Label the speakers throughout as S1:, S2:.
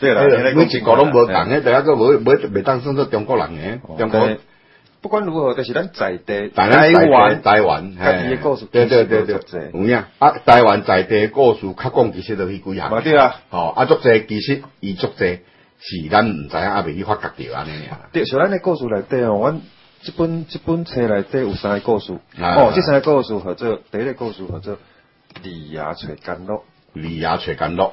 S1: 對，係、啊、每一個都無同嘅，但係佢冇未當算做中國人誒、喔，中國人
S2: 不管如何，都、就是咱在地。台灣，台灣台灣故事對對對，對，對
S1: 有影啊，台灣在地故事，較講其實著迄幾項。冇啲啦。哦、喔，啊足其實伊足者是咱毋知影，未去發覺着安尼
S2: 啲啊。對，咱誒故事內底哦，阮這本這本冊內底有三個故事。哦、啊，即、喔、三個故事合作第一個故事合作利牙除根落。利牙除根落。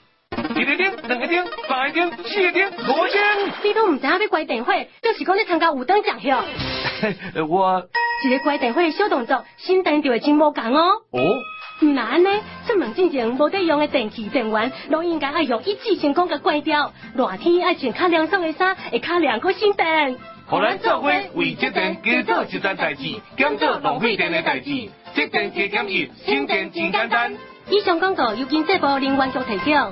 S3: 一
S4: 個燈，兩個燈，三個燈，四個燈，五個燈，羅先，
S5: 你都唔知影咩關電火就是講你參加有燈場合。 我，這個關電火嘅小動作，省電就會真冇講哦。哦。唔呢安出門之前冇得用的電器電源，都應該要用一次性工具關掉。熱天要穿較涼爽嘅衫，會較涼快省電。好啦，做伙為節能，
S3: 給做一單代志，減少浪費電的代志。節能節減熱，
S5: 省電最簡單。以上廣告由經濟部能源局提供。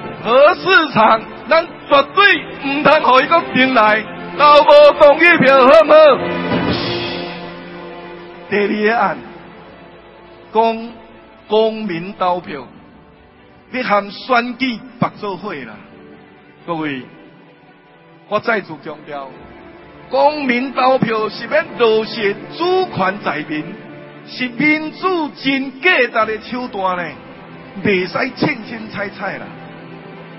S6: 和市場，咱絕對唔通讓一個兵來，都無同意票，好唔好？第二個案，講公，公民投票，你喊選舉白做會啦。各位，我再次強調，公民投票是免落實主權在民，是民主真價值嘅手段呢，未使凊凊彩彩啦。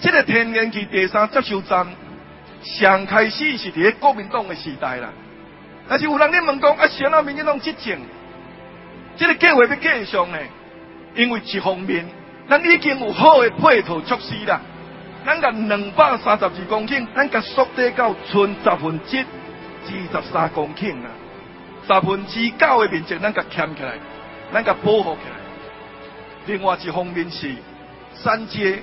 S6: 這個天然氣第三接收站上開始是佇咧國民黨嘅時代啦，但是有人咧問講啊，現在國民黨執政，這個計劃要繼續呢？因為一方面，咱已經有好嘅配套措施啦，咱個兩百三十二公頃，咱個縮低到剩十分之二十三公頃啊，十分之九嘅面積咱個鉗起來，咱個保護起來。另外一方面是三階。山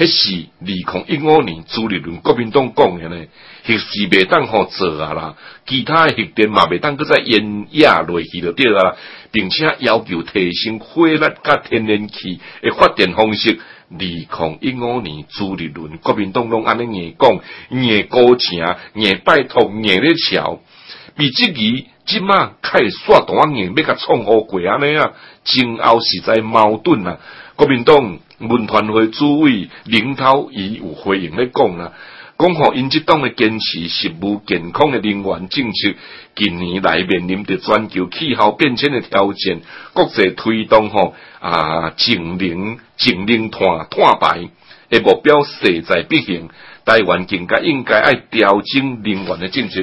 S7: 迄是二零一五年朱立倫國民黨講嘅呢，迄是袂當好做啊啦，其他嘅核電嘛袂當擱再煙啞落去就對了啦，並且要求提升火力甲天然氣嘅發電方式。二零一五年朱立倫國民黨攏安尼硬講，硬高牆，硬拜託，硬立橋，比自己即馬開縮短硬要甲創好過安尼啊？前後實在矛盾啊！國民黨。文團會主委林濤已有回應了，的講啊，講吼因即當嘅堅持，食物健康嘅能源政策，近年來面臨着全球氣候變遷的挑戰，國際推動吼，啊，淨零淨零碳碳排嘅目標勢在必行，台灣境應應應該要調整能源嘅政策。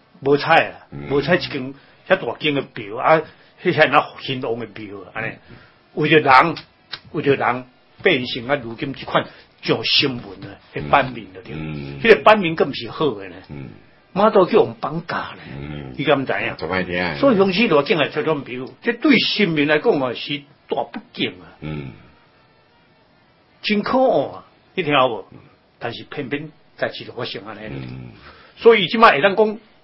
S8: 無差，啦、嗯、沒差啊，無差，一間遐大間嘅廟啊，迄些那乾隆嘅廟啊，安尼，有一個人，有一個人，變成啊，如今即款上新聞咧，誒、嗯，版面了㖏，迄個版面更唔是好嘅咧，馬、嗯、都叫我們綁架咧，你、嗯、咁知
S1: 樣、啊？
S8: 所以康誒、啊，這種對新聞來講啊，是大不敬啊，嗯，真可惡啊，你聽到無？但是偏偏在幾條發生安尼，所以即賣會當講。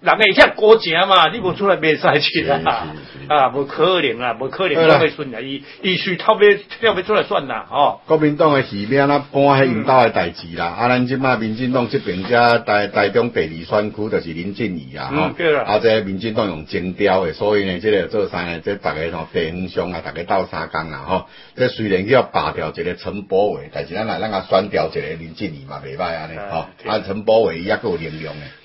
S8: 人個會遮過啊嘛？你無出來免晒錢、嗯、是是是啊！啊，無可能啦，無可能，我袂順啊！伊，伊輸偷尾偷尾出來算啦！吼、
S1: 哦！國民黨係起面啊，搬喺領導嘅代志啦。啊，咱即賣民進黨這邊只大大中第二選區就是林靜儀啊！啊，即民進黨用精雕嘅，所以呢，即、這個做生嘅，即、這個、大家同弟兄啊，大家鬥三工啊。吼，即雖然要拔掉一個陳柏惟，但是咱來咱個選掉一個林靜儀嘛，未歹啊！哈，啊，陳柏惟也夠有能量嘅。啊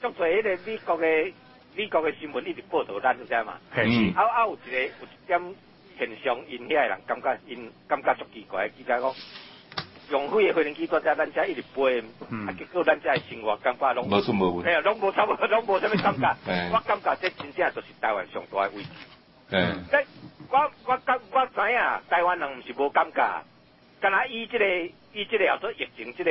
S3: 足多迄個美國的美國嘅新聞一直報道咱，你知嘛？嗯。還啊有一個有一點現象因遐個人感覺因感覺足奇怪，記者講用費嘅發能機多只，咱只一直播，啊結果咱只生活感覺攏無啥物問題。哎呀，攏無差無，攏無啥物感覺。 我感覺這真正就是台灣上大嘅危機。
S9: 嗯。
S3: 我我感我，我知影，台灣人唔是無感覺，但那伊這個伊這個要做疫情這個。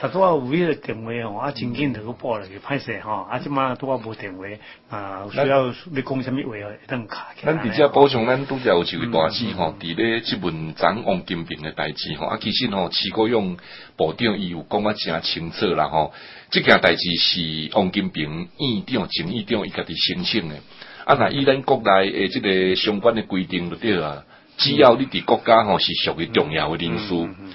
S8: 佢都有定位哦，阿前天佢個波嚟去拍攝哈，啊，今晚都話冇定位，啊，電話啊有需要你供什麼位去
S7: 卡咱咁點補充，咱上，咱、嗯、有一條大事吼，佇咧即問蔣王金平嘅代誌吼，啊，其實吼，齊國用部長伊有講啊，正清楚啦，吼、喔，即件代誌是王金平院長、前院長伊家己申請嘅、嗯。啊，那依咱國內嘅即個相關嘅規定就對啦、嗯，只要你佇國家、喔、是屬於重要嘅人士。嗯嗯嗯嗯嗯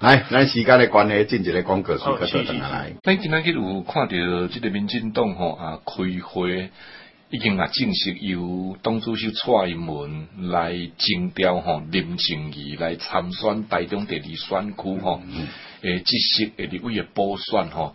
S1: 嚟，嗱時間嘅關係，先至嚟講個事咁來。
S7: 咱今日佢有看到即個民進黨吼、哦、啊開會，已經啊正式由董主席先出門來徵召吼林靜儀來參選台中第二選區吼、哦，誒、嗯，即時誒立委嘅補選吼、哦。